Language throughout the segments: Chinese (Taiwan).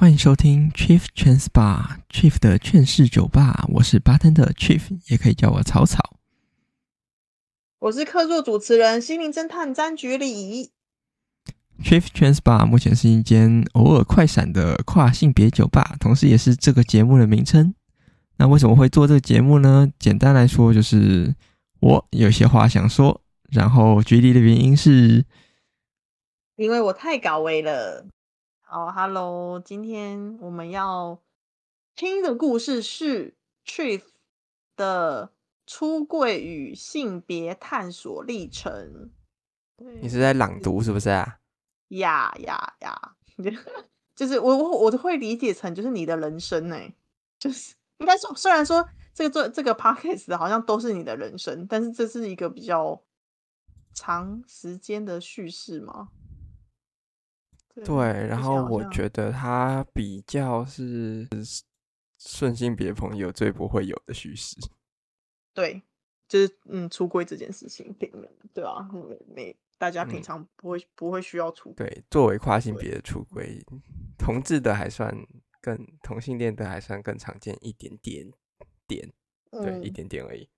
歡迎收聽 Chief Trans Bar Chief 的勸世酒吧，我是巴登的 Chief，也可以叫我草草。我是客座主持人、心靈偵探張菊里。Chief Trans Bar 目前是一間偶爾快閃的跨性別酒吧，同時也是這個節目的名稱。那為什麼會做這個節目呢？簡單來說，就是我有些話想說，然後菊里的原因是，因為我太高危了。好哈嘍，oh, hello，今天我們要聽的故事是 Trif 的出櫃與性別探索歷程。你是在朗讀是不是啊？呀呀呀，就是我我我都會理解成就是你的人生呢，就是應該說雖然說這個做這個 Podcast 好像都是你的人生，但是這是一個比較長時間的敘事嘛？對，然後我覺得他比較是，是順性別朋友最不會有的趨勢。對，就是嗯，出櫃這件事情，嗯、對啊，沒，沒大家平常不會、嗯、不會需要出櫃。對，作為跨性別的出櫃對同志的還算更同性戀的還算更常見一點點點，嗯、對，一點點而已。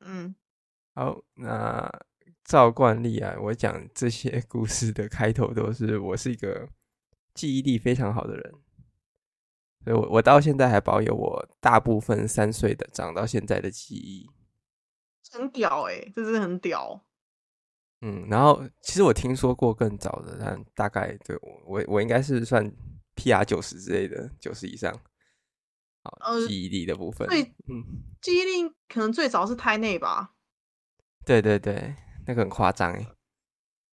嗯，好，那。照慣例啊，我講這些故事的開頭都是我是一個記憶力非常好的人，所以我我到現在還保有我大部分三歲的長到現在的記憶，很屌誒、欸，這是很屌。嗯，然後其實我聽說過更早的，但大概對我我我應該是，是算 PR 九十之類的九十以上，好，呃，記憶力的部分，所以嗯，記憶力可能最早是胎內吧，對對對。那個很誇張哎，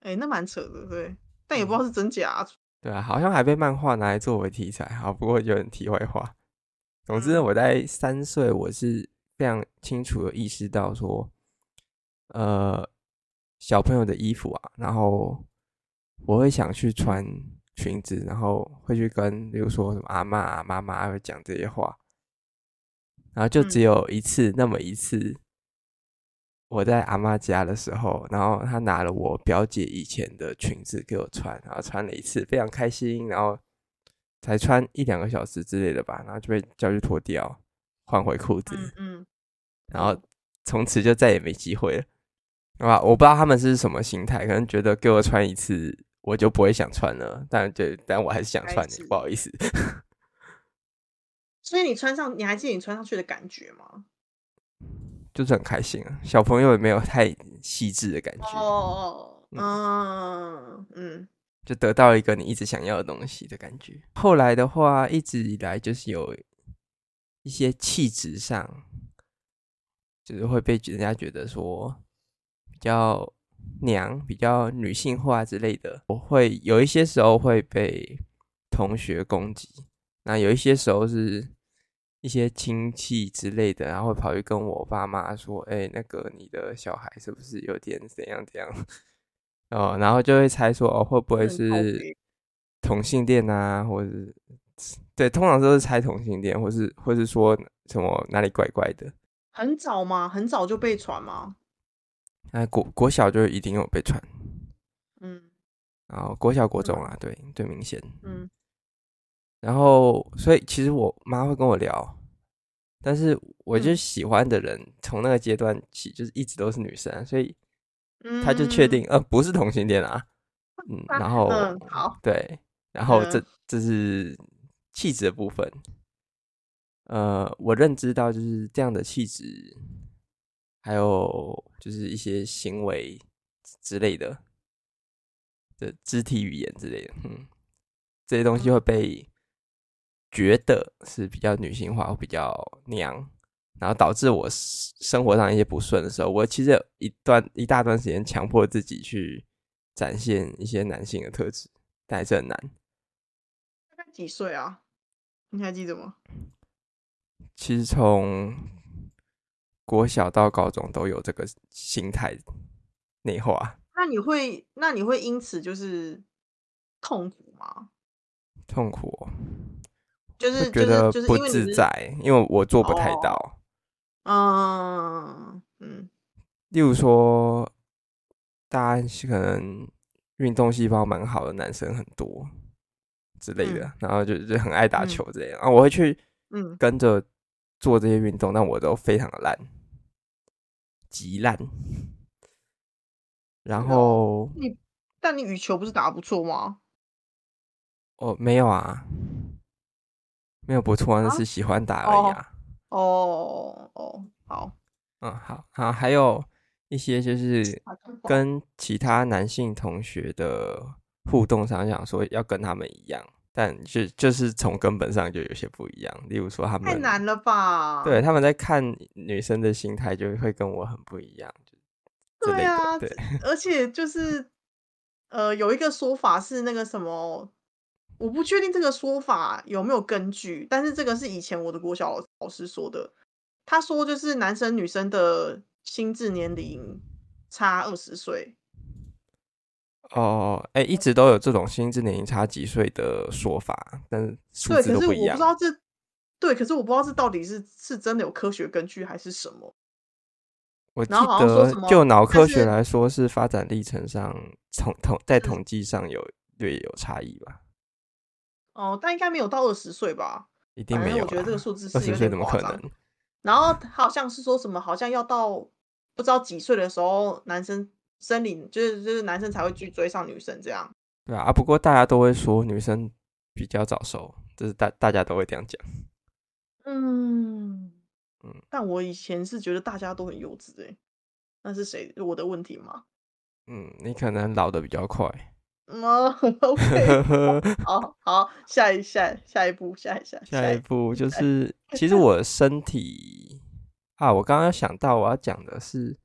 哎、欸，那蠻扯的，對，但也不知道是真假，啊嗯。對啊，好像還被漫畫拿來作為題材。好，不過就有點題外話。總之，我在三歲，我是非常清楚的意識到說，呃，小朋友的衣服啊，然後我會想去穿裙子，然後會去跟，例如說什麼阿嬤、啊、媽媽、啊、會講這些話，然後就只有一次，嗯、那麼一次。我在阿媽家的時候，然後她拿了我表姐以前的裙子給我穿，然後穿了一次，非常開心，然後才穿一兩個小時之類的吧，然後就被叫去脫掉，換回褲子，嗯，嗯，然後從此就再也沒機會了，啊、嗯嗯，我不知道他們是什麼心態，可能覺得給我穿一次我就不會想穿了，但對，但我還是想穿，不好意思。所以你穿上，你還記得你穿上去的感覺嗎？就是很開心啊，小朋友也沒有太細緻的感覺哦，嗯嗯，就得到一個你一直想要的東西的感覺。後來的話，一直以來就是有一些氣質上，就是會被人家覺得說比較娘、比較女性化之類的，我會有一些時候會被同學攻擊，那有一些時候是。一些親戚之類的，然後會跑去跟我爸媽說：“哎、欸，那個你的小孩是不是有點怎樣怎樣？”哦，然後就會猜說：“哦，會不會是同性戀吶、啊？或是對，通常都是猜同性戀，或是或是說什麼哪裡怪怪的。”很早嘛，很早就被傳嘛？哎，國國小就一定有被傳。嗯。然後國小國中啊，對，最明顯。嗯。然後，所以其實我媽會跟我聊，但是我就喜歡的人從那個階段起,、嗯、起就是一直都是女生、啊，所以她就確定，嗯、呃，不是同性戀啊。嗯，然後，嗯，好，對，然後這、嗯、這是氣質的部分。呃，我認知到就是這樣的氣質，還有就是一些行為之類的這肢體語言之類的，嗯，這些東西會被。嗯覺得是比較女性化，比較娘，然後導致我生活上一些不順的時候，我其實有一段一大段時間強迫自己去展現一些男性的特質，但還是很難。大概幾歲啊？你還記得嗎？其實從國小到高中都有這個心態內化。那你會，那你會因此就是痛苦嗎？痛苦。就是覺得、就是就是就是、不自在，因為我做不太到。嗯、哦呃、嗯。例如說，大家可能運動細胞蠻好的男生很多之類的，嗯、然後就就很愛打球這樣啊。嗯、我會去嗯跟着做這些運動，嗯、但我都非常的爛，極爛。 然後你，但你羽球不是打得不錯嗎？哦，沒有啊。沒有不錯，那、啊、是喜歡打而已啊。哦哦，好，嗯，好好，還有一些就是跟其他男性同學的互動上，想說要跟他們一樣，但就就是從根本上就有些不一樣。例如說他們太難了吧？對，他們在看女生的心態就會跟我很不一樣。對啊，對，而且就是 呃，有一個說法是那個什麼。我不確定這個說法有沒有根據，但是這個是以前我的國小老師說的。他說就是男生女生的心智年齡差二十歲。哦，哎、欸，一直都有這種心智年齡差幾歲的說法，但是數字都不一樣。對，可是我不知道這對，可是我不知道這到底是是真的有科學根據還是什麼。我記得就腦科學來說，是發展歷程上統統是是在統計上有略、嗯、有差異吧。哦，但應該沒有到二十歲吧？一定沒有，我覺得這個數字是一個有點誇張。二十歲怎麼可能？然後好像是說什麼，好像要到不知道幾歲的時候，男生生理就是就是男生才會去追上女生這樣。對啊，不過大家都會說女生比較早熟，這，就是大大家都會這樣講。嗯嗯，嗯但我以前是覺得大家都很幼稚，哎、欸，那是誰？我的問題嗎？嗯，你可能老得比較快。哦好好，下一下一，下一步，下一下一，下一步就是，其實我身體 啊，我剛剛想到我要講的是，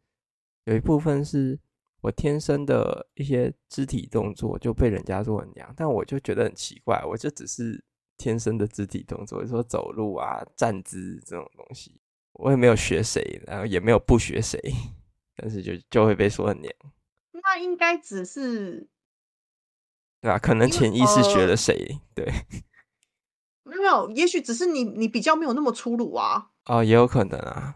有一部分是，我天生的一些肢體動作就被人家說很娘，但我就覺得很奇怪，我就只是天生的肢體動作，比如說走路啊、站姿這種東西，我也沒有學誰，然後也沒有不學誰，但是就就會被說很娘。那應該只是。對吧、啊？可能潛意識覺得誰、呃、對？沒有，沒有，也許只是你，你比較沒有那麼粗魯啊。哦，也有可能啊。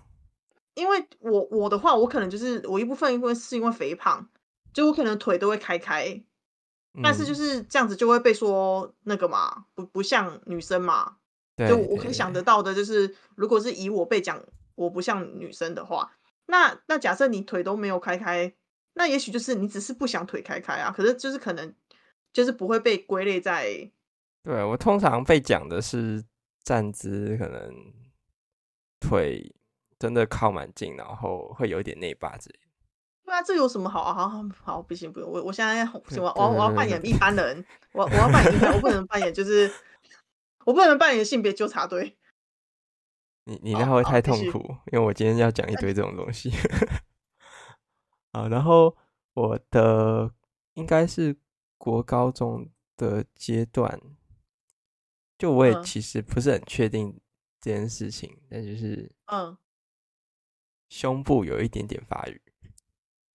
因為我我的話，我可能就是我一部分，因為是因為肥胖，就我可能腿都會開開，嗯、但是就是這樣子就會被說那個嘛，不不像女生嘛。對對對，就我可以想得到的就是，如果是以我被講我不像女生的話，那那假設你腿都沒有開開，那也許就是你只是不想腿開開啊。可是就是可能。就是不會被歸類在。對，我通常被講的是站姿，可能腿真的靠蠻近，然後會有一點內八字。對啊，這有什麼好啊。好，好，好，不行，不行，我我現在我我要扮演，一般人，對對對，我我要扮演， 我演，就是，我不能扮演，就是我不能扮演性別糾察隊。你你那會會太痛苦，哦哦，因為我今天要講一堆這種東西。啊是， 然後我的應該是。國高中的階段，就我也其實不是很確定這件事情，嗯、但就是，嗯，胸部有一點點發育，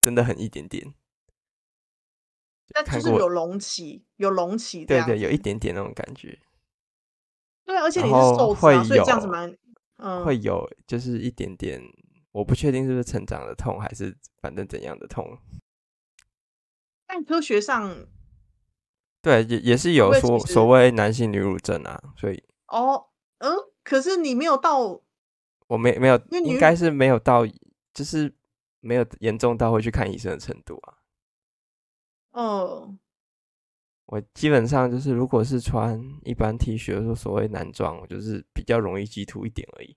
真的很一點點，就但就是有隆起，有隆起，對，對對，有一點點那種感覺，對，而且你是瘦子，所以這樣子蠻，嗯、會有就是一點點，我不確定是不是成長的痛，還是反正怎樣的痛，但科學上。對，也也是有說所,所謂男性女乳症啊，所以哦，oh, 嗯，可是你沒有到，我沒沒有，應該是沒有到，就是沒有嚴重到會去看醫生的程度啊。哦，uh, 我基本上就是，如果是穿一般 T 恤，說所謂男裝，我就是比較容易激凸一點而已。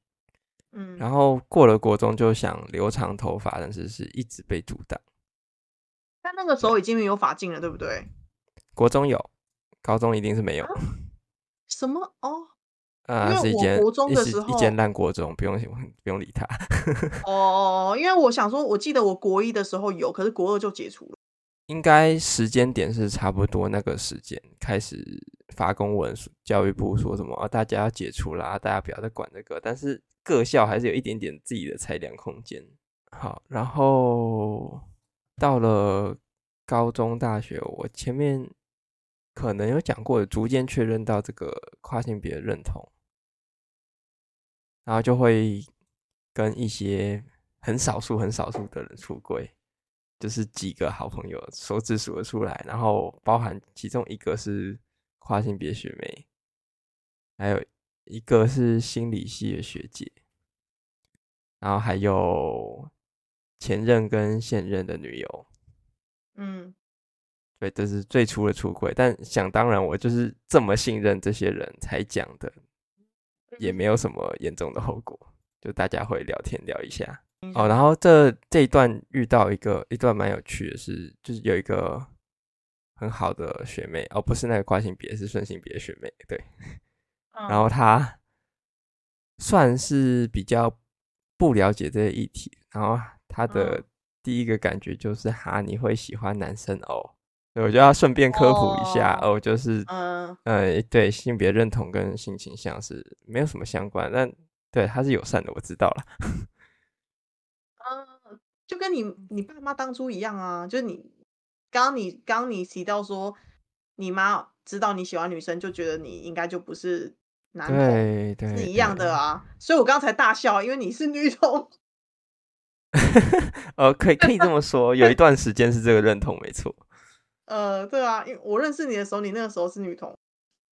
嗯，然後過了國中就想留長頭髮，但是是一直被阻擋。但那個時候已經沒有髮禁了，對,對不對？國中有，高中一定是沒有。啊、什麼哦？啊、呃，是一間國中的時候，一間爛國中，不用不用理他。哦 哦哦，因為我想說，我記得我國一的時候有，可是國二就解除了。應該時間點是差不多那個時間開始發公文，教育部說什麼、哦，大家要解除啦，大家不要再管這個。但是各校還是有一點點自己的裁量空間。好，然後到了高中大學，我前面。可能有講過，逐漸確認到這個跨性別認同，然後就會跟一些很少數、很少數的人出櫃，就是幾個好朋友，手指數得出來，然後包含其中一個是跨性別學妹，還有一個是心理系的學姐，然後還有前任跟現任的女友，嗯。對，這是最初的出櫃，但想當然，我就是這麼信任這些人才講的，也沒有什麼嚴重的後果，就大家會聊天聊一下、嗯、哦。然後這這一段遇到一個一段蠻有趣的是，是就是有一個很好的學妹，哦，不是那個跨性別，是順性別學妹，對，嗯、然後她算是比較不了解這些議題，然後她的第一個感覺就是哈、嗯啊，你會喜歡男生哦？對，我就要順便科普一下哦，哦，就是，呃、嗯，對性別認同跟性傾向是沒有什麼相關，但對它是友善的，我知道了。嗯、呃，就跟你你爸媽當初一樣啊，就是你剛剛你剛剛你提到說你媽知道你喜歡女生，就覺得你應該就不是男同，對對。對是一樣的啊。對對對，所以我剛才大笑，因為你是女同。呃、 哦，可以可以這麼說， 有一段時間是這個認同沒錯。呃，對啊，因為我認識你的時候，你那個時候是女同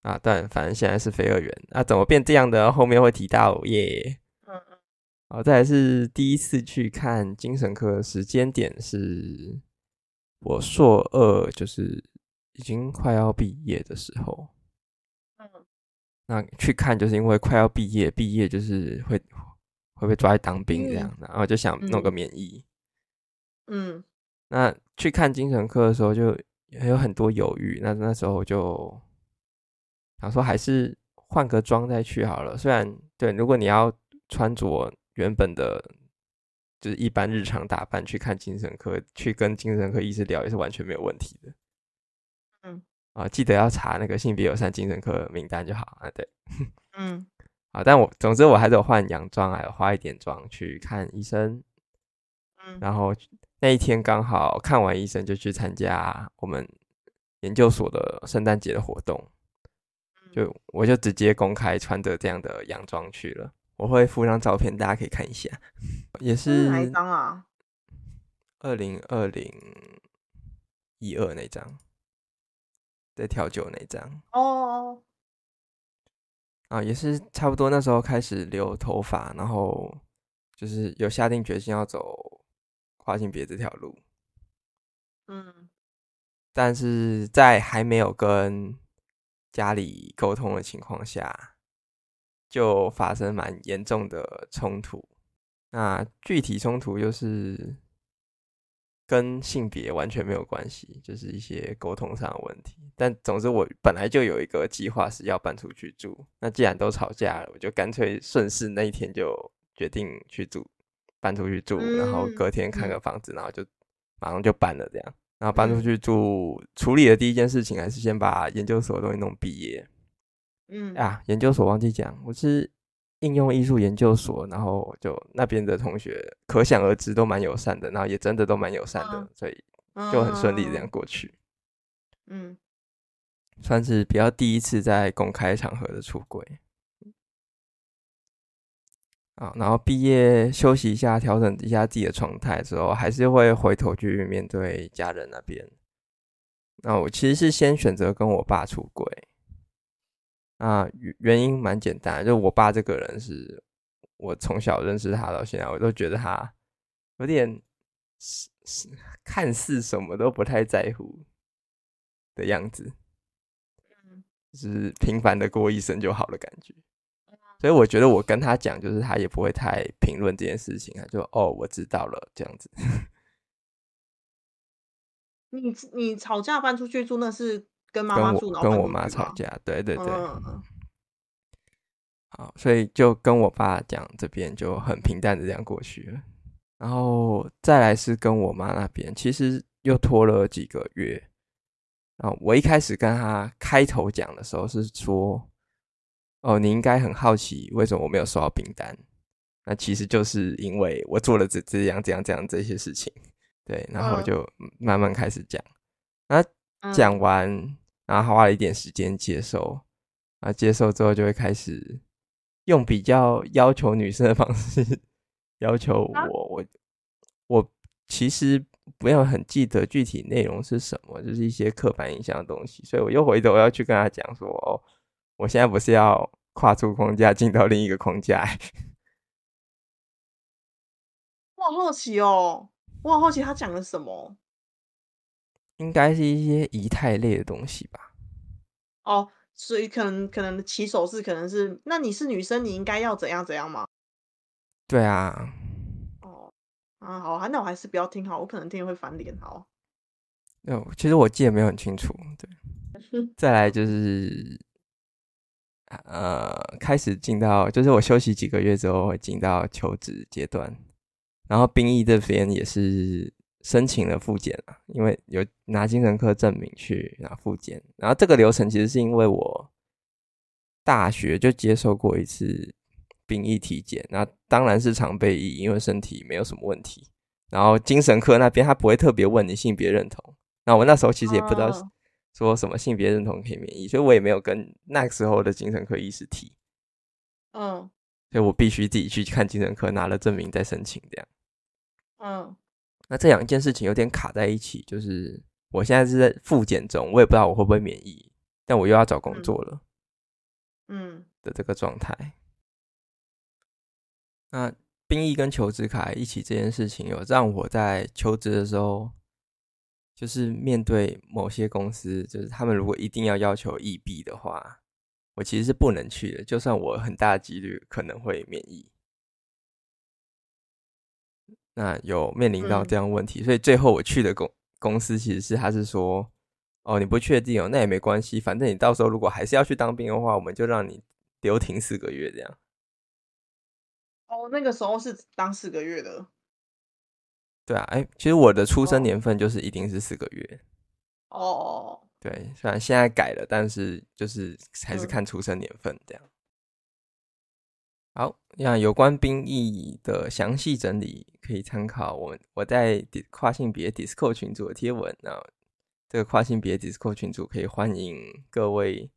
啊，但反正現在是非二元啊，怎麼變這樣的？後面會提到耶。嗯、yeah、嗯。好，再來是第一次去看精神科，時間點是我碩二，就是已經快要畢業的時候。嗯。那去看就是因為快要畢業，畢業就是會會被抓去當兵這樣，嗯、然後就想弄個免疫。嗯。那去看精神科的時候就。也有很多猶豫，那那時候我就想說，還是換個妝再去好了。雖然對，如果你要穿着原本的，就是一般日常打扮去看精神科，去跟精神科醫師聊，也是完全沒有問題的。嗯，啊，記得要查那個性別友善精神科名單就好啊。對， 嗯，啊，但我總之我還是有換洋裝啊，化一點妝去看醫生，嗯，然後。那一天剛好看完醫生，就去參加我們研究所的聖誕節的活動，就我就直接公開穿着這樣的洋裝去了。我會附上照片，大家可以看一下，也是哪一張啊，二零二零一二那張，在調酒那張哦，啊，也是差不多那時候開始留頭髮，然後就是有下定決心要走跨性別這條路，嗯，但是在還沒有跟家裡溝通的情況下，就發生蠻嚴重的衝突。那具體衝突就是跟性別完全沒有關係，就是一些溝通上的問題。但總之，我本來就有一個計劃是要搬出去住。那既然都吵架了，我就乾脆順勢那一天就決定去住。搬出去住，然後隔天看個房子，嗯、然後就馬上就搬了這樣。然後搬出去住，嗯、處理的第一件事情還是先把研究所的東西弄畢業。嗯啊，研究所忘記講，我是應用藝術研究所，然後就那邊的同學，可想而知都蠻友善的，然後也真的都蠻友善的，哦、所以就很順利這樣過去。嗯，算是比較第一次在公開場合的出櫃。啊，然後畢業休息一下，調整一下自己的狀態之後，還是會回頭去面對家人那邊。那我其實是先選擇跟我爸出櫃。啊，呃，原因蠻簡單，就我爸這個人是我從小認識他到現在，我都覺得他有點是是看似什麼都不太在乎的樣子，就是平凡的過一生就好的感覺。所以我覺得我跟他講，就是他也不會太評論這件事情，他就，哦，我知道了這樣子。 你你吵架搬出去住，那是跟媽媽住，跟，跟我媽吵架，嗯、對對對嗯嗯嗯。好，所以就跟我爸講，這邊就很平淡的這樣過去了，然後再來是跟我媽那邊，其實又拖了幾個月，然後我一開始跟他開頭講的時候是說。哦，你應該很好奇為什麼我沒有收到兵單？那其實就是因為我做了這這樣這樣這樣這些事情，對，然後就慢慢開始講，那講完，然後花了一點時間接受，啊，接受之後就會開始用比較要求女生的方式要求我，我我其實沒有很記得具體內容是什麼，就是一些刻板印象的東西，所以我又回頭要去跟她講說哦。我現在不是要跨出框架，進到另一個框架。 我好，好奇哦，我好，好奇他講了什麼。應該是一些儀態類的東西吧。哦，所以可能可能起手是，可能是，那你是女生，你應該要怎樣怎樣嗎？對啊。哦，啊好啊，那我還是不要聽好，我可能聽了會翻臉好。哦，其實我記得沒有很清楚。對。 再來就是。呃，開始進到就是我休息幾個月之後會進到求職階段，然後兵役這邊也是申請了複檢了，因為有拿精神科證明去拿複檢，然後這個流程其實是因為我大學就接受過一次兵役體檢，那當然是常備役，因為身體沒有什麼問題。然後精神科那邊他不會特別問你性別認同，那我那時候其實也不知道，啊。說什麼性別認同可以免疫，所以我也沒有跟那個時候的精神科醫師提，嗯，所以我必須自己去看精神科，拿了證明再申請這樣，嗯，那這兩件事情有點卡在一起，就是我現在是在複檢中，我也不知道我會不會免疫，但我又要找工作了，嗯，嗯的這個狀態，那兵役跟求職卡一起這件事情，有讓我在求職的時候。就是面對某些公司，就是他們如果一定要要求役畢的話，我其實是不能去的。就算我很大的幾率可能會免役，那有面臨到這樣問題，嗯。所以最後我去的公公司其實是他是說，哦，你不確定哦，那也沒關係，反正你到時候如果還是要去當兵的話，我們就讓你留停四個月這樣。哦，那個時候是當四個月的。對啊，哎、欸，其實我的出生年份就是一定是四個月。哦，對，雖然現在改了，但是就是還是看出生年份這樣。嗯、好，那有關兵役的詳細整理，可以參考我我在跨性別 Discord 群組的貼文。那這個跨性別 Discord 群組可以歡迎各位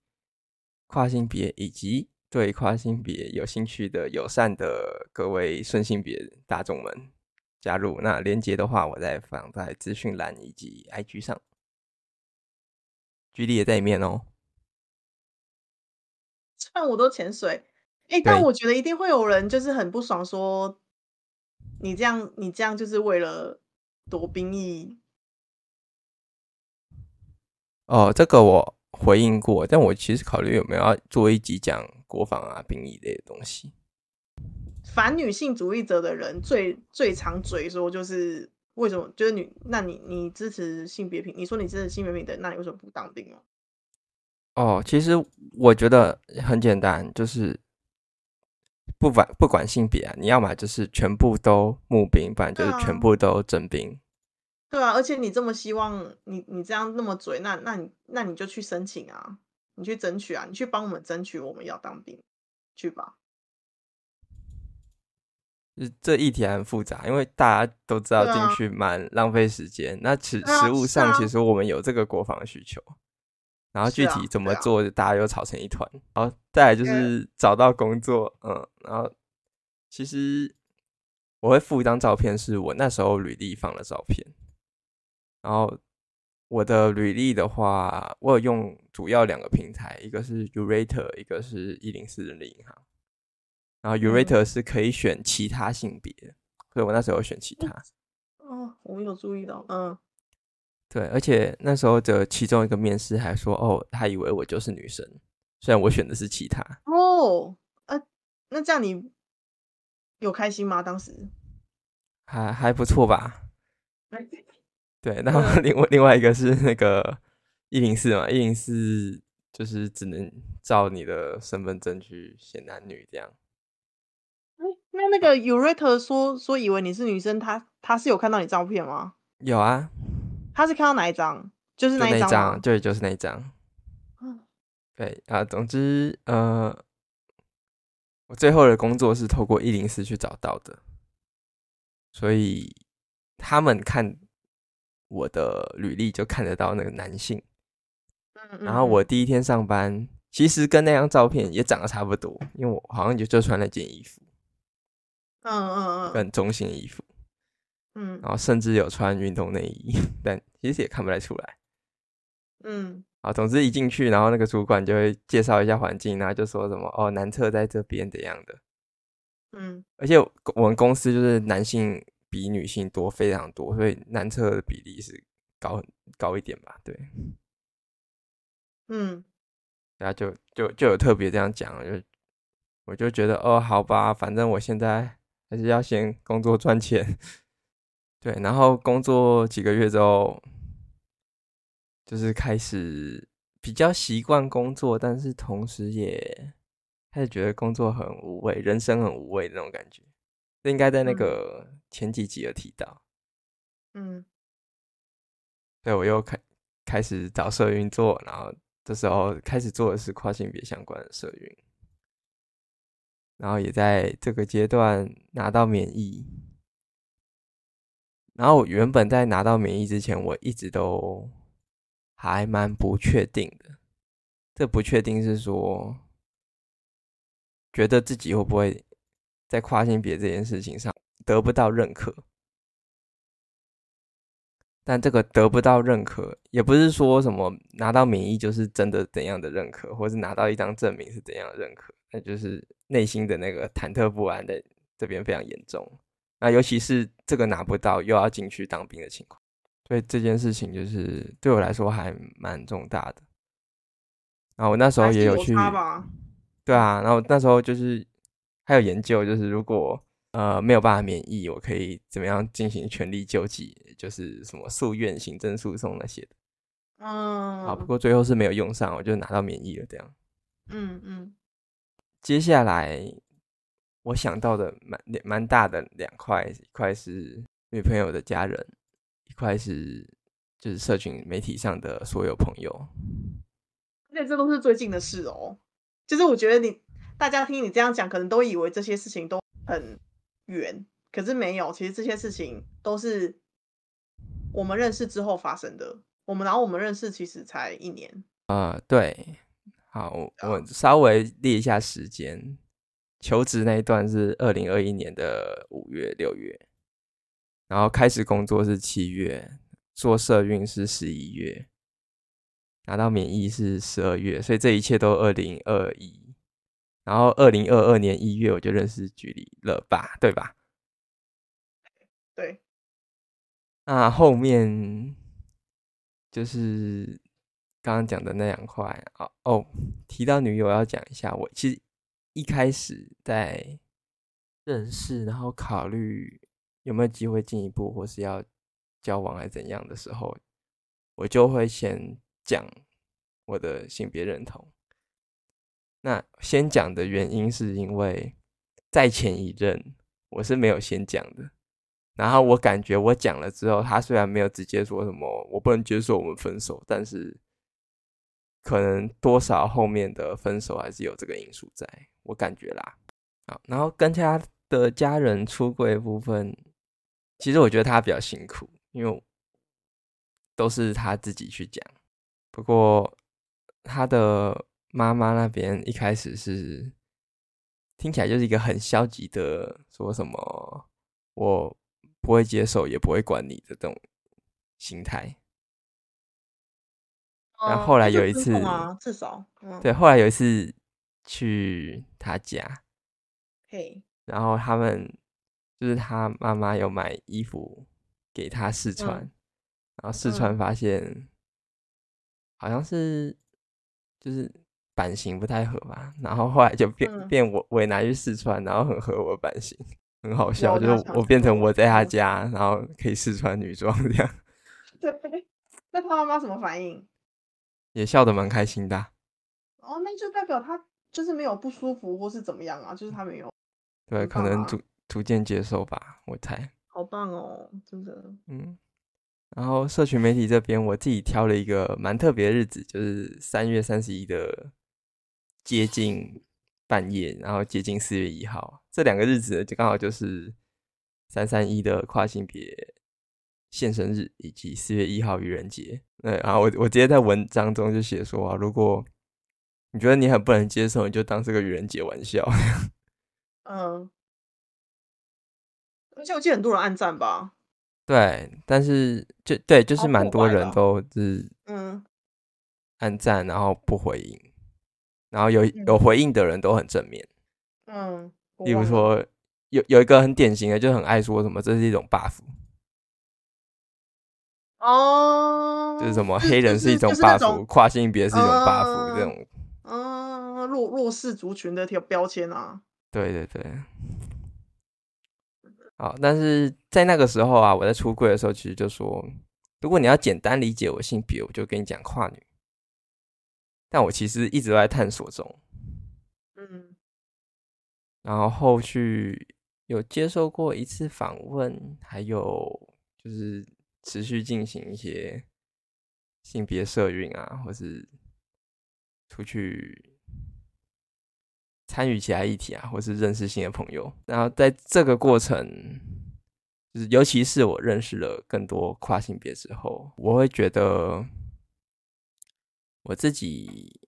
跨性別以及對跨性別有興趣的友善的各位順性別大眾們。加入那連結的話，我再放在資訊欄以及 IG 上，G D 也在裡面哦。趁我都潛水，欸、對但我覺得一定會有人就是很不爽說，說你這樣你這樣就是為了躲兵役。哦，這個我回應過，但我其實考慮有沒有要做一集講國防啊兵役類的東西。反女性主義者的人最最常嘴說，就是為什麼就是你，那你你支持性別平？你說你支持性別平等，那你為什麼不當兵啊？哦，其實我覺得很簡單，就是不管不管性別啊，你要麼就是全部都募兵，反正就是全部都徵兵。啊對啊，而且你這麼希望你你這樣那麼嘴，那那你那你就去申請啊，你去爭取啊，你去幫我們爭取，我們要當兵去吧。這議題很複雜，因為大家都知道進去蠻浪費時間。啊、那其實務上，其實我們有這個國防需求，啊、然後具體怎麼做，啊、大家又吵成一團。然後再來就是找到工作，對嗯，然後其實我會附一張照片，是我那時候履歷放的照片。然後我的履歷的話，我有用主要兩個平台，一個是 Yourator，一個是一零四人力銀行。然後 Urator 是可以選其他性別，所以我那時候選其他。嗯、哦，我沒有注意到，嗯，對，而且那時候的其中一個面試還說，哦，他以為我就是女生，雖然我選的是其他。哦，呃，那這樣你有開心嗎？當時？還還不錯吧。嗯、對，然後另外另外一個是那個104嘛，104就是只能照你的身份證去寫男女這樣。那個 Ureta 說說以為你是女生，他他是有看到你照片嗎？有啊，他是看到哪一張？就是那張，對，就是那張。嗯，對啊，總之，呃，我最後的工作是透過一零四去找到的，所以他們看我的履歷就看得到那個男性。嗯。然後我第一天上班，嗯嗯，其實跟那張照片也長得差不多，因為我好像就就穿那件衣服。嗯嗯嗯，很中性衣服，嗯，然後甚至有穿運動內衣，但其實也看不太出來，嗯，好，總之一進去，然後那個主管就會介紹一下環境，然後就說什麼哦，男廁在這邊怎樣的，嗯，而且我們公司就是男性比女性多非常多，所以男廁的比例是高很高一點吧，對，嗯，然後就就就有特別這樣講，就我就覺得哦，好吧，反正我現在。還是要先工作賺錢，對，然後工作幾個月之後，就是開始比較習慣工作，但是同時也開始覺得工作很無味，人生很無味的那種感覺。這應該在那個前幾集有提到。嗯，對，我又開開始找社運做，然後這時候開始做的是跨性別相關的社運。然後也在這個階段拿到免役。然後我原本在拿到免役之前，我一直都還蠻不確定的。這不確定是說，覺得自己會不會在跨性別這件事情上得不到認可。但這個得不到認可，也不是說什麼拿到免役就是真的怎樣的認可，或是拿到一張證明是怎樣的認可。那就是內心的那個忐忑不安，的這邊非常嚴重。那尤其是這個拿不到，又要進去當兵的情況，所以這件事情就是對我來說還蠻重大的。然、啊、後我那時候也有去，有吧，對啊，然後那時候就是還有研究，就是如果呃沒有辦法免役，我可以怎麼樣進行權利救濟，就是什麼訴願、行政訴訟那些的。嗯。好、啊，不過最後是沒有用上，我就拿到免役了，這樣。嗯嗯。嗯接下來我想到的蠻蠻大的兩塊，一塊是女朋友的家人，一塊是就是社群媒體上的所有朋友。那這都是最近的事哦。就是我覺得你大家聽你這樣講，可能都以為這些事情都很遠，可是沒有，其實這些事情都是我們認識之後發生的。我們然後我們認識其實才一年啊。呃，對。好，我稍微列一下時間。求職那一段是二零二一年的五月、六月，然後開始工作是七月，做社運是十一月，拿到免疫是十二月，所以這一切都二零二一。然後二零二二年一月我就認識居里了吧？對吧？對。那後面就是。剛剛講的那兩塊，哦哦，提到女友要講一下。我其實一開始在認識，然後考慮有沒有機會進一步，或是要交往還是怎樣的時候，我就會先講我的性別認同。那先講的原因是因為在前一任我是沒有先講的，然後我感覺我講了之後，她雖然沒有直接說什麼，我不能接受我們分手，但是。可能多少後面的分手還是有這個因素在，我感覺啦，啊，然後跟他的家人出櫃部分，其實我覺得他比較辛苦，因為都是他自己去講。不過他的媽媽那邊一開始是聽起來就是一個很消極的，說什麼我不會接受，也不會管你的這種心態。然後後來有一次，對，後來有一次去他家，嘿然後他們就是他媽媽有買衣服給他試穿，嗯、然後試穿發現、嗯、好像是就是版型不太合吧，然後後來就變、嗯、變我我也拿去試穿，然後很合我版型，很好笑。就是我，我變成我在他家，嗯、然後可以試穿女裝這樣。對，那他媽媽什麼反應？也笑得蠻開心的、啊，哦，那就代表他就是沒有不舒服或是怎麼樣啊，就是他沒有、啊，對，可能逐逐漸接受吧，我猜。好棒哦，真的，嗯。然後社群媒體這邊，我自己挑了一個蠻特別的日子，就是三月三十一的接近半夜，然後接近四月一號，這兩個日子就剛好就是三三一的跨性別現身日以及四月一號愚人節，對，然後我我直接在文章中就寫說，啊，如果你覺得你很不能接受，你就當是個愚人節玩笑。 嗯，而且我記得很多人按讚吧。對，但是就對，就是蠻多人都是嗯按讚，然後不回應，然後有有回應的人都很正面。嗯，比如說有有一個很典型的，就很愛說什麼這是一種 buff。哦，oh, 就是什麼黑人是一種 buff，跨性別是一種 buff，、uh, 這種，啊、uh, 弱弱勢族群的標標籤啊。對對對。好，但是在那個時候啊，我在出櫃的時候，其實就說，如果你要簡單理解我性別，我就跟你講跨女。但我其實一直都在探索中。嗯。然後後續有接受過一次訪問，還有就是。持續進行一些性別社運啊，或是出去參與其他議題啊，或是認識新的朋友。然後在這個過程，就是尤其是我認識了更多跨性別之後，我會覺得我自己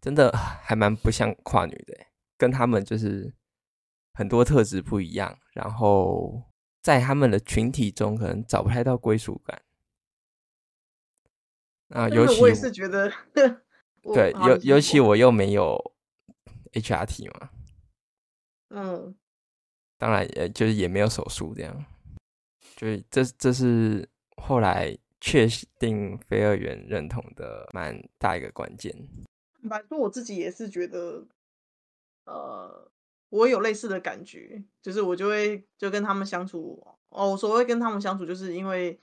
真的還蠻不像跨女的，跟他們就是很多特質不一樣。然後。在他們的群體中，可能找不太到歸屬感啊，那尤其我也是覺得，對，尤尤其我又沒有 HRT 嘛，嗯，當然，也就是也沒有手術，這樣，就是這這是後來確定非二元認同的蠻大一個關鍵。反正，我自己也是覺得，呃。我有類似的感覺，就是我就會就跟他們相處哦。我所謂跟他們相處，就是因為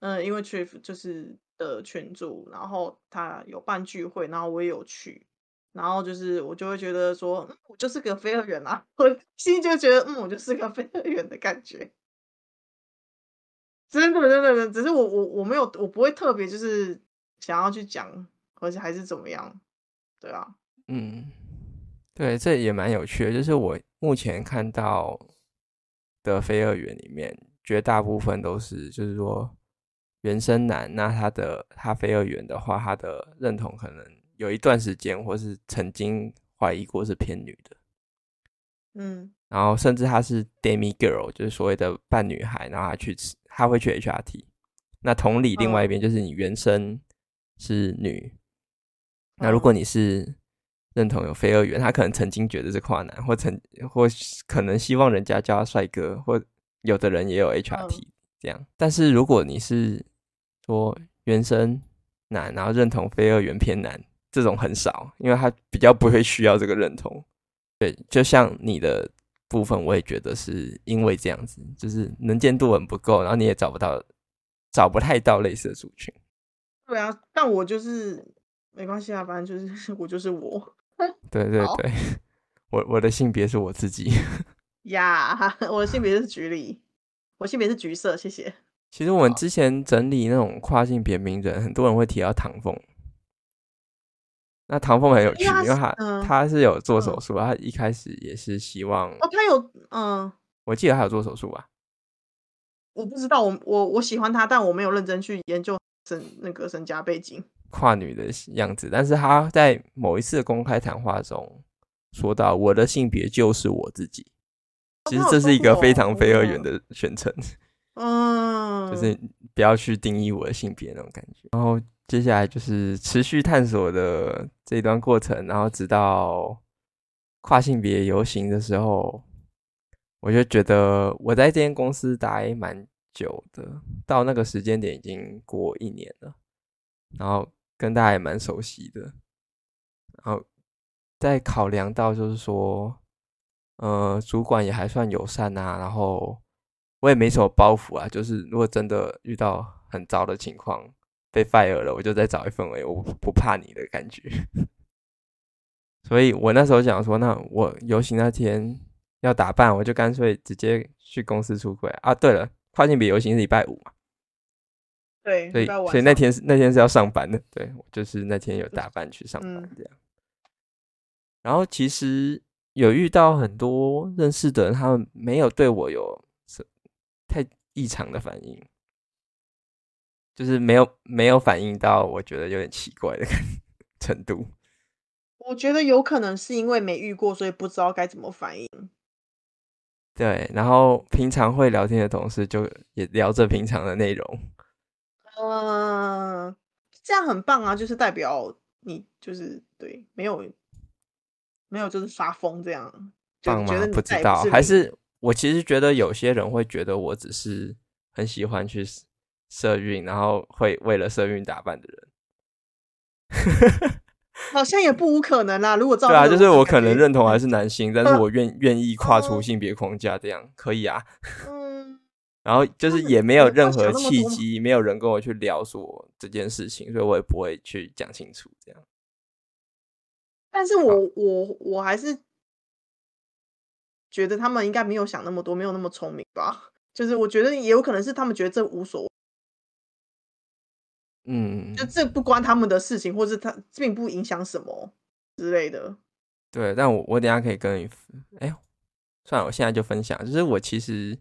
嗯、呃，因為 Trif 就是的群主，然後他有辦聚會，然後我也有去，然後就是我就會覺得說，我就是個非二元人啊，我心裡就覺得，嗯，我就是個非二元人的感覺。真的，真的，真的，只是我我我沒有，我不會特別就是想要去講，而且還是怎麼樣，對啊，嗯。對，這也蠻有趣的。就是我目前看到的非二元裡面，絕大部分都是，就是說原生男，那他的他非二元的話，他的認同可能有一段時間，或是曾經懷疑過是偏女的，嗯，然後甚至他是 demi girl，就是所謂的半女孩，然後他去吃，他會去 HRT。那同理，另外一邊就是你原生是女，嗯，那如果你是。認同有非二元，他可能曾經覺得是跨男，或曾或可能希望人家叫他帥哥，或有的人也有 HRT，嗯，這樣。但是如果你是說原生男，然後認同非二元偏男，這種很少，因為他比較不會需要這個認同。對，就像你的部分，我也覺得是因為這樣子，就是能見度很不夠，然後你也找不到，找不太到類似的族群。對啊，但我就是，沒關係啊，反正就是我就是我。對對對，好我我的性別是我自己呀， yeah, 我的性別是橘裡好我性別是橘色，謝謝。其實我們之前整理那種跨性別名人，oh. 很多人會提到唐鳳，那唐鳳很有趣，因為他、嗯、他是有做手術，嗯、他一開始也是希望哦，他有嗯，我記得他有做手術吧？我不知道，我我我喜歡他，但我沒有認真去研究身那個身家背景。跨女的樣子，但是他在某一次的公開談話中說到：“我的性別就是我自己。”其實這是一個非常非二元的宣稱，嗯、啊，多多啊、就是不要去定義我的性別那種感覺。嗯、然後接下來就是持續探索的這一段過程，然後直到跨性別遊行的時候，我就覺得我在這間公司待蠻久的，到那個時間點已經過一年了，然後。跟大家也蠻熟悉的，然後再考量到就是說，呃，主管也還算友善啊，然後我也沒什麼包袱啊，就是如果真的遇到很糟的情況被 fire 了，我就再找一份我我不怕你的感覺。所以我那時候想說，那我遊行那天要打扮，我就乾脆直接去公司出櫃啊。對了，跨性別遊行是禮拜五嘛？對，所以，所以那天是那天是要上班的。對，就是那天有打扮去上班這樣。嗯，然後其實有遇到很多認識的人，他們沒有對我有什太異常的反應，就是沒有沒有反應到我覺得有點奇怪的程度。我覺得有可能是因為沒遇過，所以不知道該怎麼反應。對，然後平常會聊天的同事就也聊着平常的內容。嗯，uh, 這樣很棒啊！就是代表你就是對，沒有沒有就是發瘋這樣，棒嗎？不知道，還是我其實覺得有些人會覺得我只是很喜歡去社運，然後會為了社運打扮的人， 好像也不無可能啦。如果照對啊，就是我可能認同還是男性， 但是我願願意跨出性別框架，這樣可以啊。 然後就是也沒有任何的契機，沒有人跟我去聊說這件事情，所以我也不會去講清楚這樣。但是我好我我還是覺得他們應該沒有想那麼多，沒有那麼聰明吧。就是我覺得也有可能是他們覺得這無所謂，嗯，就這不關他們的事情，或是他並不影響什麼之類的。對，但我我等一下可以跟你，哎，算了，我現在就分享，就是我其實。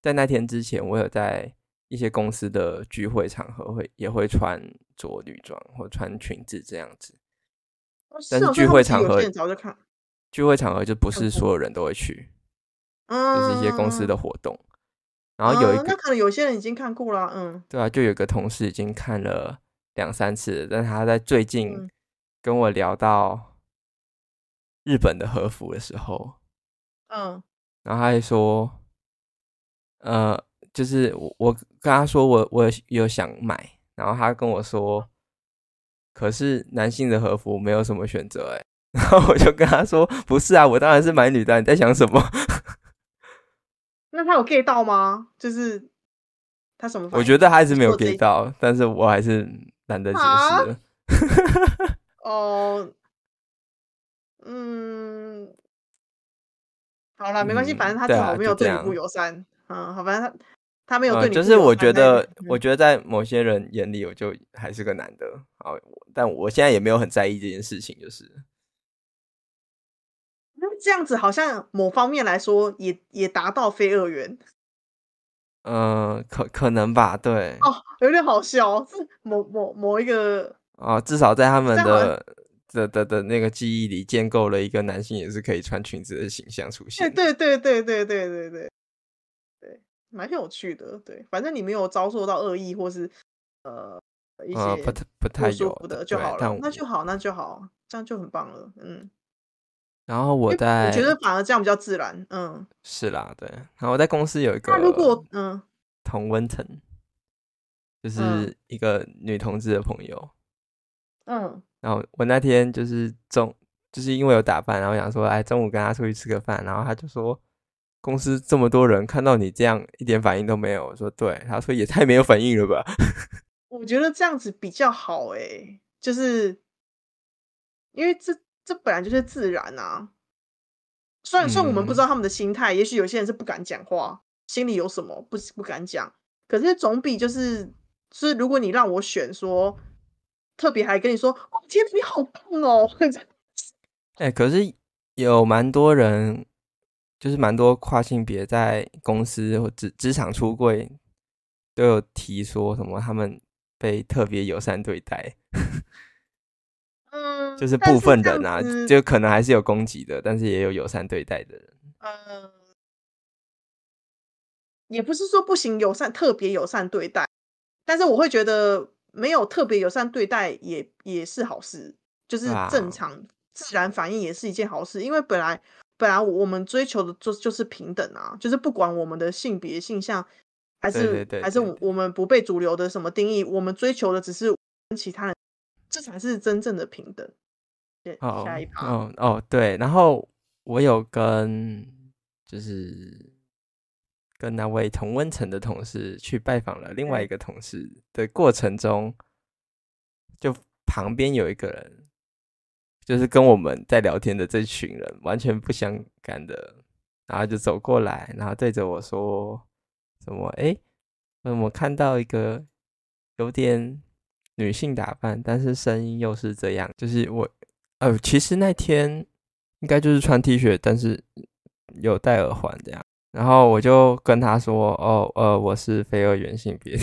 在那天之前，我有在一些公司的聚會場合會也會穿着女裝或穿裙子這樣子。但是聚會場合，聚會場合就不是所有人都會去，就是一些公司的活動。然後有一個可能有些人已經看過了，嗯，對啊，就有個同事已經看了兩三次，但他在最近跟我聊到日本的和服的時候，嗯，然後他還說。呃，就是我我跟他說我我有，有想買，然後他跟我說，可是男性的和服沒有什麼選擇哎，然後我就跟他說不是啊，我當然是買女的，你在想什麼？ 那他有 gay 到嗎？就是他什麼反應？我覺得他還是沒有 gay 到，但是我還是懶得解釋、啊。哦、 呃，嗯，好了，沒關係，嗯、反正他至少沒有對你不友善。嗯，好吧，他他沒有對你太太，嗯，就是我覺得，嗯、我覺得在某些人眼裡，我就還是個男的。好，但我現在也沒有很在意這件事情，就是。那這樣子好像某方面來說也，也也達到非二元。嗯，可可能吧？對。哦，有點好笑，哦，是某某某一個。啊，哦，至少在他們的樣的的的的那個記憶裡，建構了一個男性也是可以穿裙子的形象出現。對，對對對對對對對。蠻有趣的，對，反正你沒有遭受到惡意或是呃一些不太有、嗯、不，不太有不舒服的就好了，那就好，那就好，這樣就很棒了，嗯。然後我在我覺得反而這樣比較自然，嗯，是啦，對。然後我在公司有一個，如果嗯，同溫層，就是一個女同志的朋友，嗯。然後我那天就是中，就是因為有打扮，然後我想說，哎，中午跟她出去吃個飯，然後她就說。公司這麼多人看到你這樣一點反應都沒有，我說對，他說也太沒有反應了吧？我覺得這樣子比較好哎、欸，就是因為這這本來就是自然啊。雖然說、嗯、雖然我們不知道他們的心態，也許有些人是不敢講話，心裡有什麼不不敢講，可是總比就是是如果你讓我選，說特別還跟你說、喔，天，你好棒哦，哎，可是有蠻多人。就是蠻多跨性別在公司或職職場出櫃，都有提說什麼他們被特別友善對待， 嗯，就是部分人啊，就可能還是有攻擊的，但是也有友善對待的人。嗯，也不是說不行友善特別友善對待，但是我會覺得沒有特別友善對待也也是好事，就是正常自然反應也是一件好事，啊、因為本來。本來我們追求的就就是平等啊，就是不管我們的性別、性向，還是還是我們不被主流的什麼定義，我們追求的只是其他人，這才是真正的平等。好、哦，下一趴、哦。哦，對，然後我有跟就是跟那位同溫層的同事去拜訪了另外一個同事的，欸，過程中，就旁邊有一個人，就是跟我們在聊天的這群人完全不相干的，然後就走過來，然後對着我說：“怎麼？哎，嗯，我看到一個有點女性打扮，但是聲音又是這樣。就是我，呃，其實那天應該就是穿 T 恤，但是有戴耳環這樣。然後我就跟他說：‘哦，呃，我是非二元性別。’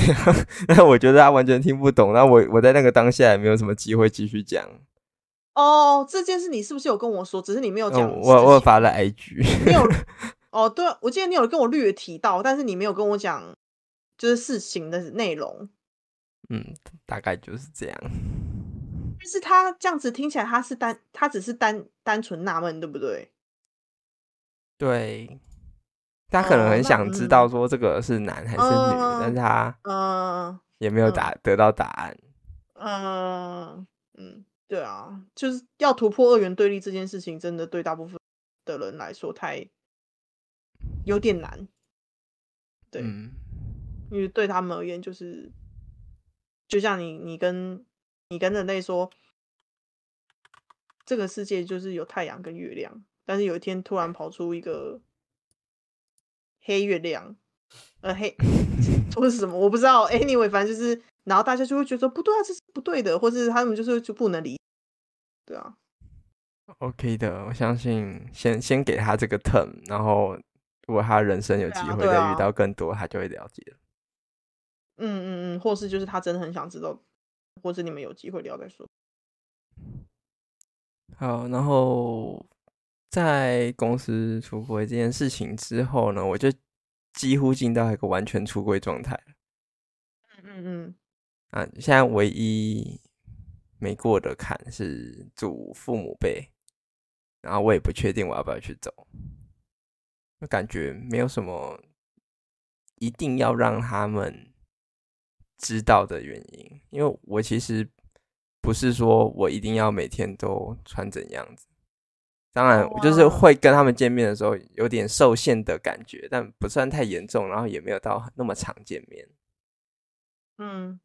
然後 我覺得他完全聽不懂。那我我在那個當下也沒有什麼機會繼續講。”哦，oh, 這件事你是不是有跟我說？只是你沒有講、嗯。我我發了 IG。 沒有哦，oh, 對，我記得你有跟我略提到，但是你沒有跟我講，就是事情的內容。嗯，大概就是這樣。但是他這樣子聽起來，他是單，他只是單單純納悶，對不對？對。他可能很想知道說這個是男還是女，uh, that, um, 但他嗯也沒有答 uh, uh, 得到答案。嗯嗯。對啊，就是要突破二元對立這件事情，真的對大部分的人來說太有點難。對，因為、嗯、對他們而言，就是就像你，你跟你跟人類說，這個世界就是有太陽跟月亮，但是有一天突然跑出一個黑月亮。 呃嘿，或、hey, 者什麼，我不知道。Anyway，反正就是，然後大家就會覺得不對啊，這是不對的，或者他們就是就不能理，對啊。OK 的，我相信先先給他這個 term，然後如果他人生有機會再遇到更多，啊啊、他就會了解了。嗯嗯嗯，或是就是他真的很想知道，或者你們有機會聊再說。好，然後在公司出櫃這件事情之後呢，我就。幾乎進到一個完全出櫃狀態。嗯嗯嗯，啊，現在唯一沒過的坎是祖父母輩，然後我也不確定我要不要去走，就感覺沒有什麼一定要讓他們知道的原因，因為我其實不是說我一定要每天都穿怎樣子。當然，我就是會跟他們見面的時候有點受限的感覺，但不算太嚴重，然後也沒有到那麼常見面。嗯，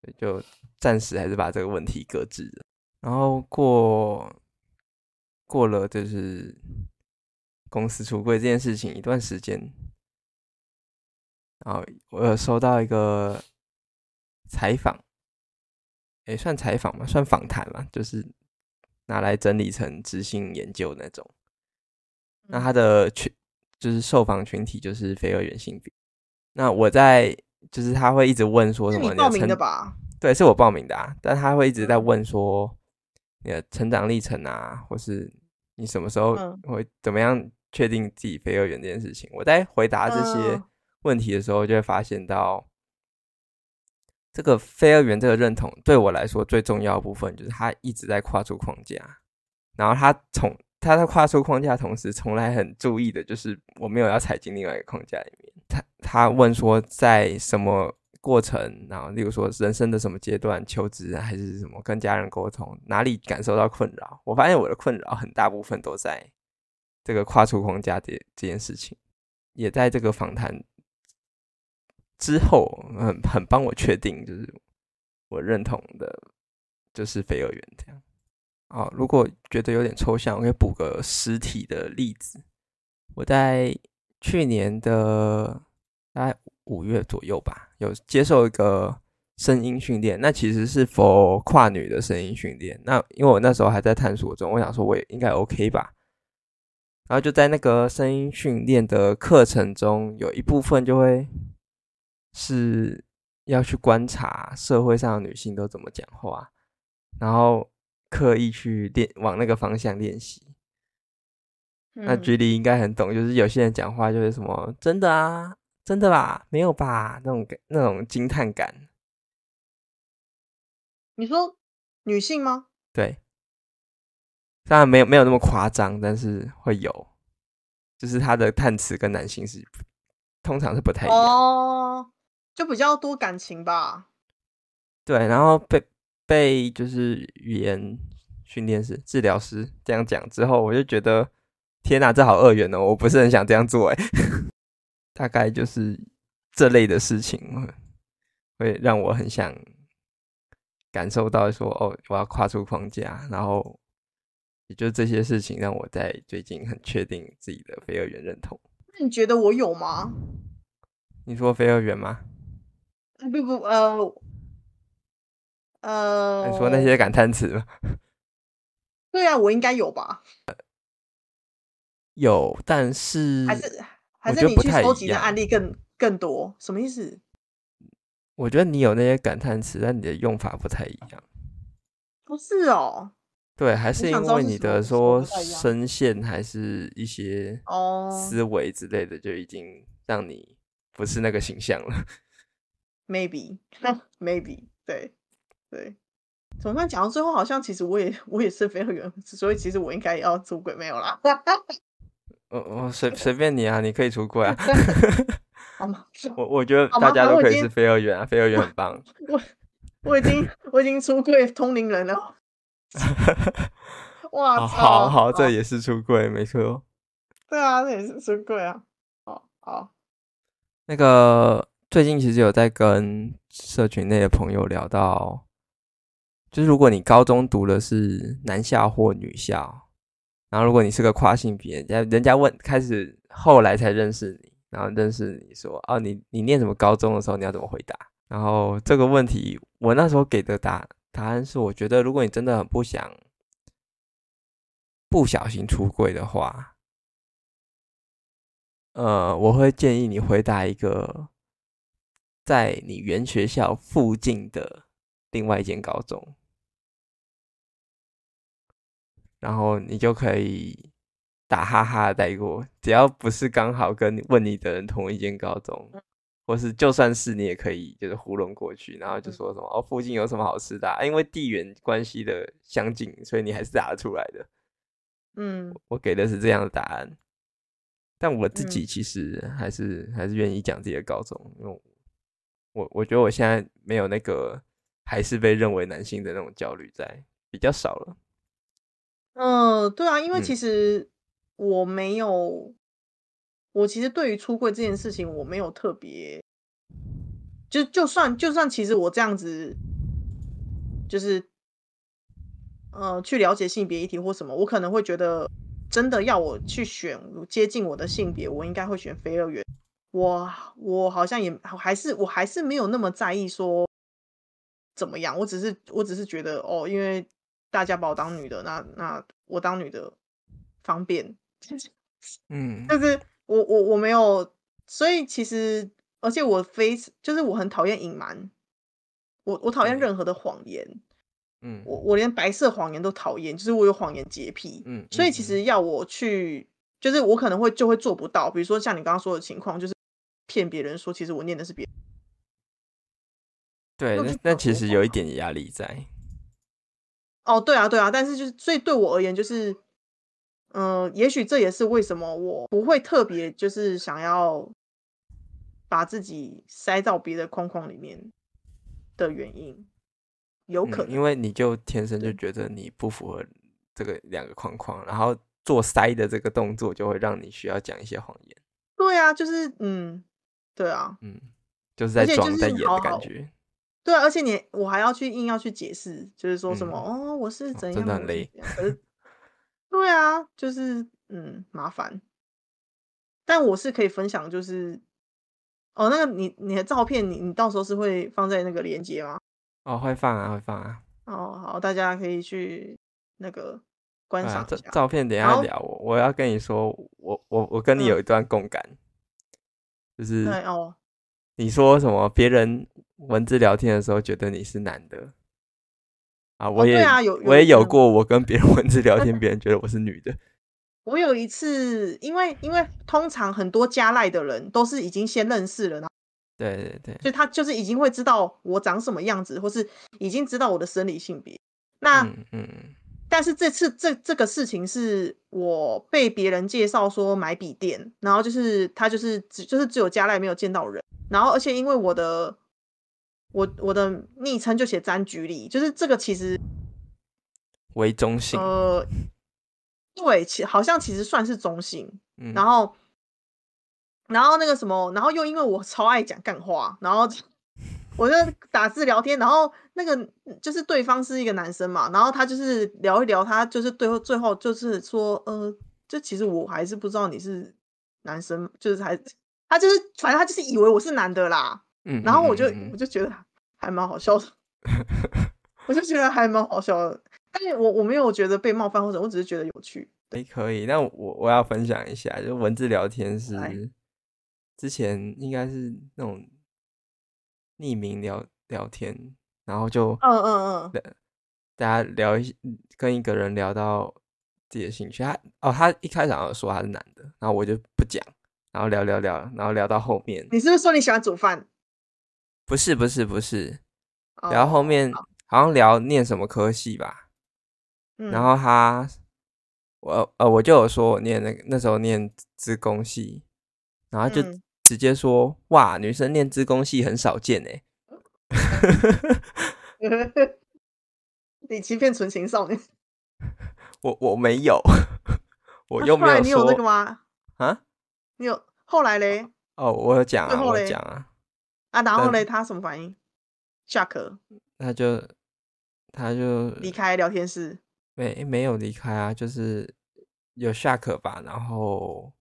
所以就暫時還是把這個問題擱置了。然後過過了就是公司出櫃這件事情一段時間，然後我有收到一個採訪，哎，算採訪吧，算訪談嘛，就是。拿來整理成質性研究那種，那他的群就是受訪群體就是非二元性別。那我在就是他會一直問說什麼你的成，是你報名的吧？對，是我報名的啊。但他會一直在問說、嗯、你的成長歷程啊，或是你什麼時候會怎麼樣確定自己非二元這件事情？我在回答這些問題的時候，就會發現到。嗯這個非二元這個認同對我來說最重要的部分，就是他一直在跨出框架，然後他從他在跨出框架同時，從來很注意的就是我沒有要踩進另外一個框架裡面。他他問說在什麼過程，然後例如說人生的什麼階段，求職還是什麼，跟家人溝通，哪裡感受到困擾？我發現我的困擾很大部分都在這個跨出框架的這，這件事情，也在這個訪談。之後很、很很幫我確定，就是我認同的，就是非二元這樣。啊，如果覺得有點抽象，我可以補個實體的例子。我在去年的大概五月左右吧，有接受一個聲音訓練，那其實是 For 跨女的聲音訓練。那因為我那時候還在探索中，我想說我也應該 OK 吧。然後就在那個聲音訓練的課程中，有一部分就會。是要去觀察社會上的女性都怎麼講話，然後刻意去練往那個方向練習。嗯、那局里應該很懂，就是有些人講話就是什麼真的啊，真的吧，沒有吧，那種那種驚嘆感。你說女性嗎？對，當然沒有沒有那麼誇張，但是會有，就是她的嘆詞跟男性是通常是不太一樣。哦就比較多感情吧，對，然後被被就是語言訓練師、治療師這樣講之後，我就覺得天哪，這好二元哦，我不是很想這樣做哎。 大概就是這類的事情嘛，會讓我很想感受到說，哦，我要跨出框架。然後，也就是這些事情讓我在最近很確定自己的非二元認同。那你覺得我有嗎？你說非二元嗎？不不，呃，呃，你說那些感嘆詞嗎？對啊，我應該有吧？有，但是還是還是你去蒐集的案例更更多？什麼意思？我覺得你有那些感嘆詞，但你的用法不太一樣。啊、不是哦。對，還是因為你的說聲線，還是一些哦思維之類的，嗯、就已經讓你不是那個形象了。Maybe 那 maybe 對對，總算講到最後，好像其實我也我也是非二元，所以其實我應該也要出櫃，沒有啦。 哦、我我隨隨便你啊，你可以出櫃，啊。 好嗎我我覺得大家都可以是非二元啊，非二元很棒。 我我已經我已經出櫃通靈人了。我 操塞、哦，好，好，哦、這也是出櫃，沒錯哦。對啊，這也是出櫃啊。哦好，哦那個。最近其實有在跟社群內的朋友聊到，就是如果你高中讀的是男校或女校，然後如果你是個跨性別，人家問，開始後來才認識你，然後認識你說哦，你你念什麼高中的時候，你要怎麼回答？然後這個問題我那時候給的答答案是，我覺得如果你真的很不想不小心出櫃的話，呃，我會建議你回答一個，在你原學校附近的另外一間高中，然後你就可以打哈哈的帶過，只要不是剛好跟問你的人同一間高中，或是就算是你也可以就是糊弄過去，然後就說什麼、嗯、哦，附近有什麼好吃的？啊，因為地緣關係的相近，所以你還是答得出來的。嗯，我給的是這樣的答案，但我自己其實還是、嗯、還是願意講自己的高中，因為我。我我覺得我現在沒有那個，還是被認為男性的那種焦慮在比較少了。嗯、呃，對啊，因為其實我沒有，嗯、我其實對於出櫃這件事情我沒有特別，就就算就算其實我這樣子，就是，嗯、呃、去了解性別議題或什麼，我可能會覺得真的要我去選接近我的性別，我應該會選非二元。我我好像也，還是我還是沒有那麼在意說怎麼樣，我只是我只是覺得哦，因為大家把我當女的，那那我當女的方便，嗯，但是我我我沒有，所以其實而且我非就是我很討厭隱瞞，我我討厭任何的謊言，嗯，我我連白色謊言都討厭，就是我有謊言潔癖，嗯，所以其實要我去就是我可能會就會做不到，比如說像你剛剛說的情況就是。騙別人說其實我念的是別，對，那那其實有一點壓力在。哦，對啊，對啊，但是就是所以對我而言，就是嗯、呃，也許這也是為什麼我不會特別就是想要把自己塞到別的框框裡面的原因。有可能、嗯，因為你就天生就覺得你不符合這個兩個框框，對然後做塞的這個動作就會讓你需要講一些謊言。對啊，就是嗯。對啊，嗯，就是在裝、就是、在演的感覺好好好。對啊，而且你我還要去硬要去解釋，就是說什麼、嗯、哦，我是怎樣怎樣、哦、真的很累。對啊，就是嗯麻煩。但我是可以分享，就是哦，那個你你的照片你，你你到時候是會放在那個連接嗎？哦，會放啊，會放啊。哦，好，大家可以去那個觀賞一下、啊。照片等一下聊好，我我要跟你說，我我我跟你有一段共感。嗯就是，你說什麼？別人文字聊天的時候，覺得你是男的啊？我也對啊，有我也有過，我跟別人文字聊天，別人覺得我是女的。我有一次，因為因為通常很多加賴的人都是已經先認識了，對對對，所以他就是已經會知道我長什麼樣子，或是已經知道我的生理性別。那嗯，嗯。但是這次這這個事情，是我被別人介紹說買筆電，然後就是他就是只就是只有加賴，沒有見到人，然後而且因為我的我我的昵稱就寫詹菊麗，就是這個其實，為中性，呃，對，其好像其實算是中性，嗯，然後然後那個什麼，然後又因為我超愛講幹話，然後。我就打字聊天，然後那個就是對方是一個男生嘛，然後他就是聊一聊，他就是最後最後就是說，呃，就其實我還是不知道你是男生，就是還他就是反正他就是以為我是男的啦，嗯，然後我就、嗯、我就覺得還蠻好笑的， 我就覺得還蠻好笑的，但是我我沒有覺得被冒犯或者我只是覺得有趣，哎，可以，那我我要分享一下，就文字聊天是來之前應該是那種。匿名聊聊天，然後就嗯嗯嗯，大、嗯、家、嗯、聊一跟一個人聊到自己的興趣，他哦，他一開始好像說他是男的，然後我就不講，然後聊聊聊，然後聊到後面，你是不是說你喜歡煮飯？不是不是不是，哦、然後後面好像聊念什麼科系吧，嗯、然後他我呃我就有說我念那個、那時候念資工系，然後就。嗯直接說哇，女生念資工系很少見哎！ 你欺騙純情少女？我我沒有， 我又沒有說 你有那個嗎？啊，你有後來嘞？哦，我有講啊，後來我有講啊，啊，然後嘞，但他什麼反應？shock，他就他就離開聊天室，沒、欸、沒有離開啊，就是有 shock 吧，然後。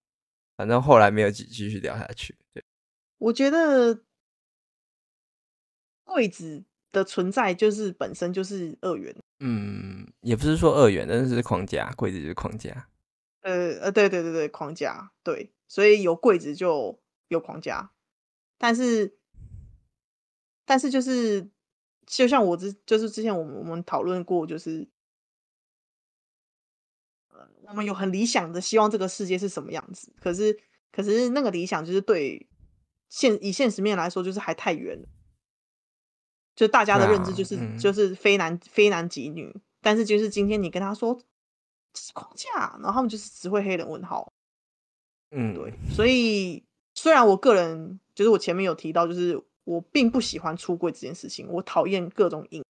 反正後來沒有繼繼續聊下去。對，我覺得櫃子的存在就是本身就是二元。嗯，也不是說二元，但是是框架，櫃子就是框架。呃呃，對對對對，框架，對，所以有櫃子就有框架，但是但是就是就像我之就是之前我們我們討論過，就是。他們有很理想的希望這個世界是什麼樣子，可是，可是那個理想就是對現以現實面來說就是還太遠了。就大家的認知就是 wow, 就是非男非男即女，嗯、但是就是今天你跟他說，這是框架，然後他們就是只會黑人問號。嗯，對。所以雖然我個人就是我前面有提到，就是我並不喜歡出櫃這件事情，我討厭各種影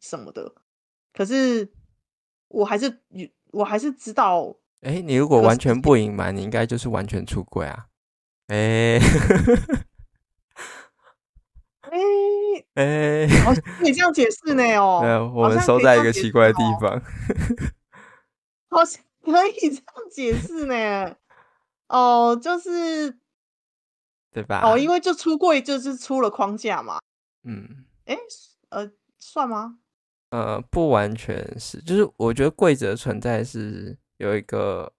什麼的，可是我還是與。我還是知道。哎、欸，你如果完全不隱瞞，是你應該就是完全出櫃啊。哎，哎哎，好像可以這樣解釋呢哦。對、啊，我們收在一個奇怪的地方。好像可以這樣解釋、哦、呢。哦，就是，對吧？哦，因為就出櫃就是出了框架嘛。嗯。哎、欸，呃，算嗎？呃，不完全是，就是我覺得櫃子的存在是有一個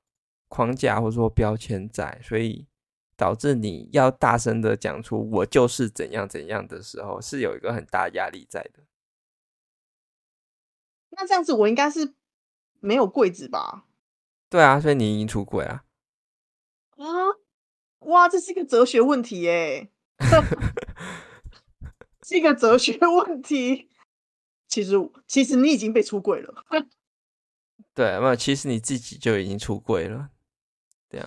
框架或者說標籤在，所以導致你要大聲的講出我就是怎樣怎樣的時候，是有一個很大壓力在的。那這樣子我應該是沒有櫃子吧？對啊，所以你已經出櫃啊？啊，哇，這是一個哲學問題耶、欸， 是一個哲學問題。其實，其實你已經被出櫃了。 對，沒有，其實你自己就已經出櫃了。這樣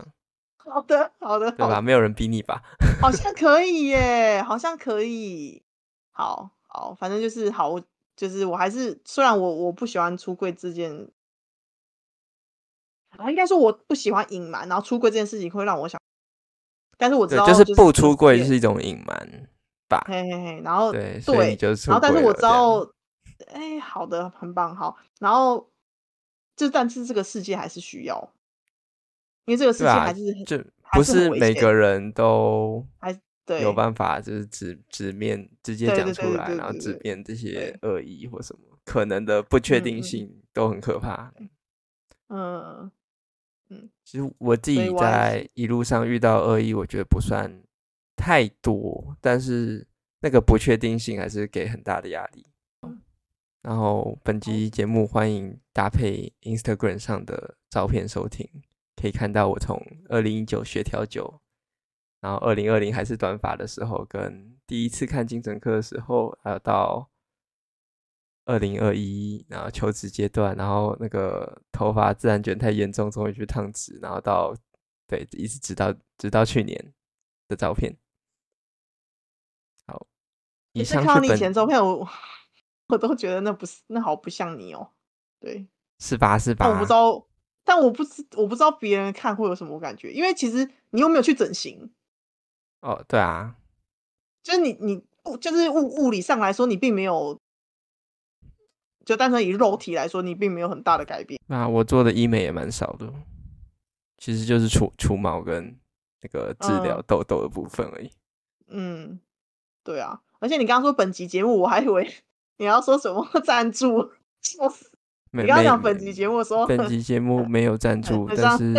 好，好的，好的，好吧？沒有人逼你吧？好像可以耶， 好像可以。好好，反正就是好，就是我還是雖然我我不喜歡出櫃這件，啊，應該說我不喜歡隱瞞，然後出櫃這件事情會讓我想，但是我知道，就是，就是不出櫃是一種隱瞞吧。嘿嘿嘿，然後對，對，所以你就是出櫃，然後但是我知道。哎，好的，很棒，好。然後，就但是這個世界還是需要，因為這個世界還是不是每個人都還對有辦法，就是直直面、直接講出來，然後直面這些惡意或什麼對可能的不確定性都很可怕。嗯嗯，嗯其實我自己在一路上遇到惡意，我覺得不算太多，但是那個不確定性還是給很大的壓力。然後本集節目歡迎搭配 Instagram 上的照片收聽，可以看到我從二零一九學調酒，然後二零二零還是短髮的時候，跟第一次看精神科的時候，還有到二零二一，然後求職階段，然後那個頭髮自然捲太嚴重，終於去燙直，然後到對，一直直到直到去年的照片。好，你是看到你以前照片我。我都覺得那不是，那好不像你哦。對，是吧？是吧？但我不知道，但我不知我不知道別人看會有什麼感覺，因為其實你又沒有去整形。哦，對啊，就是你你就是物物理上來說你並沒有，就單純以肉體來說你並沒有很大的改變。那我做的醫美也蠻少的，其實就是除除毛跟那個治療痘痘的部分而已。嗯，對啊，而且你剛剛說本集節目，我還以為。你要說什麼贊助？我 你剛講本集節目說本集節目沒有贊助， 很很，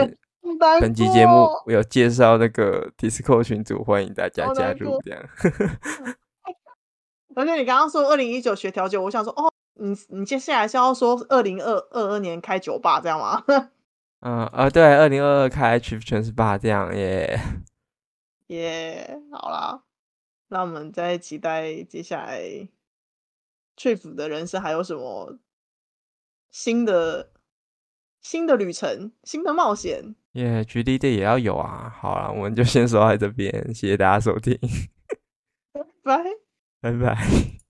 但是本集節目我有介紹那個 Discord 群組，歡迎大家加入。這樣， 而且你剛剛說二零一九學調酒，我想說哦，你你接下來是要說二零二二年開酒吧這樣嗎？ 嗯呃，對，二零二二開 TrifTransBar，這樣耶耶，yeah、yeah，好啦，那我們再期待接下來。Trif 的人生還有什麼新的新的旅程，新的冒險？耶、yeah，G D D 也要有啊！好啦，我們就先說到這邊，謝謝大家收聽，拜拜，拜拜。